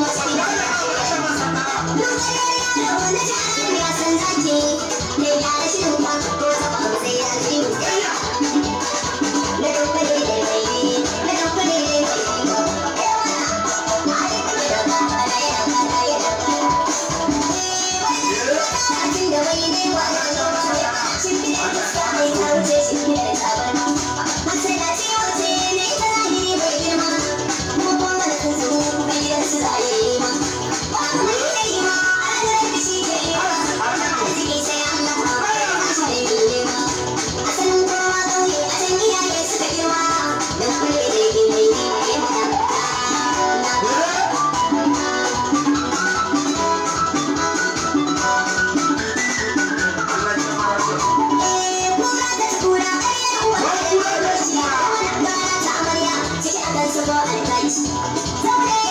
Na kaya da san mai gyara shirin impossible and nice.